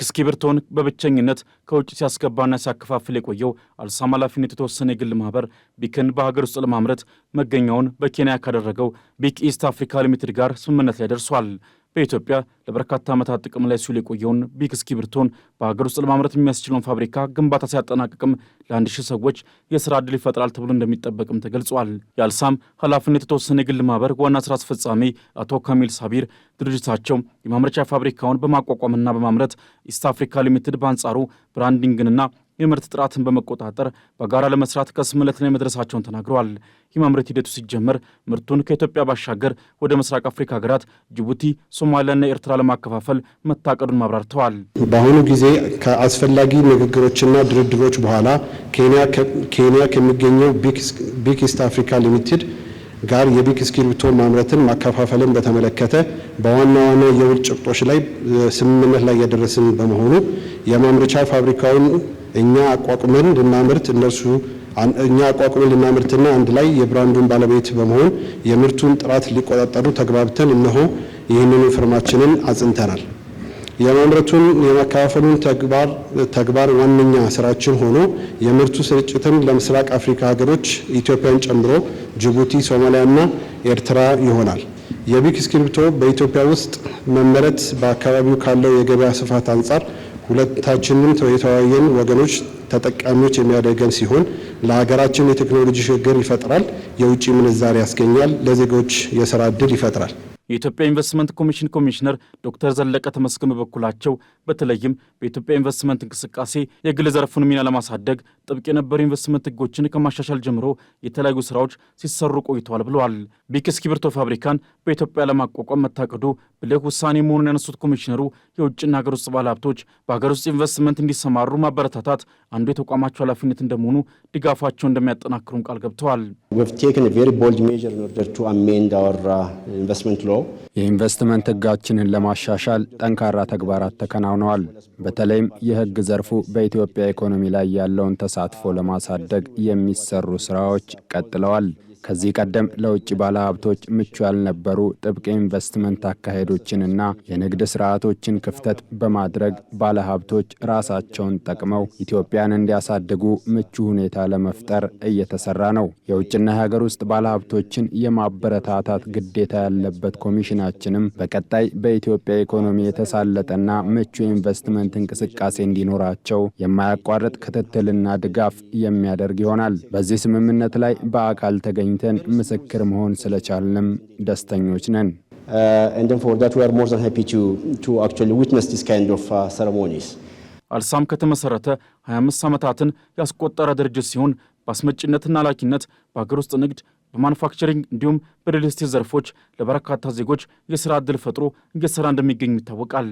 የስልክ እስክሪብቶን በብቸኝነት ከውጭ ሲያስገባና ሲያከፋፍል የቆየው አልሳም ኃላፊነት የተወሰነ የግል ማህበር ቢክን በሀገር ውስጥ ለማምረት መገኛውን በኬንያ ካደረገው ቢክ ኢስት አፍሪካ ሊሚትድ ጋር ስምምነት ላይ ደርሷል። በኢትዮጵያ ለበርካታ ዓመታት ጥቅም ላይ ሲውል የቆየውን ቢክ እስክሪብቶን በሀገር ውስጥ ለማምረት የሚያስችለውን ፋብሪካ ግንባታ ሲያጠናቅቅም ለአንድ ሺህ ሰዎች የሥራ ዕድል ይፈጥራል ተብሎ እንደሚጠበቅም ተገልጿል። የአልሳም ኃላፊነት የተወሰነ የግል ማህበር ዋና ሥራ አስፈጻሚ አቶ ካሚል ሳቢር ድርጅታቸው የማምረቻ ፋብሪካውን በማቋቋምና በማምረት ኢስት አፍሪካ ሊሚትድ በአንጻሩ ብራንዲንግንና የምርት ጥራትን በመቆጣጠር በጋራ ለመስራት ከስምምነት ላይ መድረሳቸውን ተናግረዋል። የማምረት ሂደቱ ሲጀመር ምርቱን ከኢትዮጵያ ባሻገር ወደ ምስራቅ አፍሪካ ሀገራት ጅቡቲ፣ ሶማሊያና ኤርትራ ለማከፋፈል መታቀዱን ማብራርተዋል። በአሁኑ ጊዜ ከአስፈላጊ ንግግሮችና ድርድሮች በኋላ ኬንያ ከሚገኘው ቢክ ኢስት አፍሪካ ሊሚትድ ጋር የቢክ እስክሪብቶ ማምረትን ማከፋፈልን በተመለከተ በዋና ዋና የውጭ ጭብጦች ላይ ስምምነት ላይ የደረስን በመሆኑ የማምረቻ ፋብሪካውን እኛ አቋቁመን ልናምርት እነሱ እኛ አቋቁመን ልናምርትና አንድ ላይ የብራንዱን ባለቤት በመሆን የምርቱን ጥራት ሊቆጣጠሩ ተግባብተን እነሆ ይህንኑ ፍርማችንን አጽንተናል። የማምረቱን የመከፋፈሉን ተግባር ዋነኛ ስራችን ሆኖ የምርቱ ስርጭትን ለምስራቅ አፍሪካ ሀገሮች ኢትዮጵያን ጨምሮ ጅቡቲ፣ ሶማሊያና ኤርትራ ይሆናል። የቢክ እስክሪብቶ በኢትዮጵያ ውስጥ መመረት በአካባቢው ካለው የገበያ ስፋት አንጻር ሁለታችንም የተወያየን ወገኖች ተጠቃሚዎች የሚያደርገን ሲሆን ለሀገራችን የቴክኖሎጂ ሽግግር ይፈጥራል፣ የውጭ ምንዛሪ ያስገኛል፣ ለዜጎች የስራ እድል ይፈጥራል። የኢትዮጵያ ኢንቨስትመንት ኮሚሽን ኮሚሽነር ዶክተር ዘለቀ ተመስገን በበኩላቸው በተለይም በኢትዮጵያ ኢንቨስትመንት እንቅስቃሴ የግል ዘርፉን ሚና ለማሳደግ ጥብቅ የነበሩ ኢንቨስትመንት ሕጎችን ከማሻሻል ጀምሮ የተለያዩ ስራዎች ሲሰሩ ቆይተዋል ብለዋል። ቢክ እስክሪብቶ ፋብሪካን በኢትዮጵያ ለማቋቋም መታቀዱ ብልህ ውሳኔ መሆኑን ያነሱት ኮሚሽነሩ የውጭና ሀገር ውስጥ ባለሀብቶች በሀገር ውስጥ ኢንቨስትመንት እንዲሰማሩ ማበረታታት አንዱ የተቋማቸው ኃላፊነት እንደመሆኑ ድጋፋቸውን እንደሚያጠናክሩም ቃል ገብተዋል። የኢንቨስትመንት ህጋችንን ለማሻሻል ጠንካራ ተግባራት ተከናውነዋል። በተለይም የህግ ዘርፉ በኢትዮጵያ ኢኮኖሚ ላይ ያለውን ተሳትፎ ለማሳደግ የሚሰሩ ስራዎች ቀጥለዋል። ከዚህ ቀደም ለውጭ ባለሀብቶች ምቹ ያልነበሩ ጥብቅ ኢንቨስትመንት አካሄዶችንና የንግድ ስርዓቶችን ክፍተት በማድረግ ባለሀብቶች ራሳቸውን ጠቅመው ኢትዮጵያን እንዲያሳድጉ ምቹ ሁኔታ ለመፍጠር እየተሰራ ነው። የውጭና የሀገር ውስጥ ባለሀብቶችን የማበረታታት ግዴታ ያለበት ኮሚሽናችንም በቀጣይ በኢትዮጵያ ኢኮኖሚ የተሳለጠና ምቹ ኢንቨስትመንት እንቅስቃሴ እንዲኖራቸው የማያቋርጥ ክትትልና ድጋፍ የሚያደርግ ይሆናል። በዚህ ስምምነት ላይ በአካል ተገኝ ተገኝተን ምስክር መሆን ስለቻልንም ደስተኞች ነን። uh, uh, አልሳም ከተመሰረተ 25 ዓመታትን ያስቆጠረ ድርጅት ሲሆን በአስመጭነትና ላኪነት በሀገር ውስጥ ንግድ በማኑፋክቸሪንግ እንዲሁም በሪልስቴት ዘርፎች ለበርካታ ዜጎች የሥራ ዕድል ፈጥሮ እየሠራ እንደሚገኙ ይታወቃል።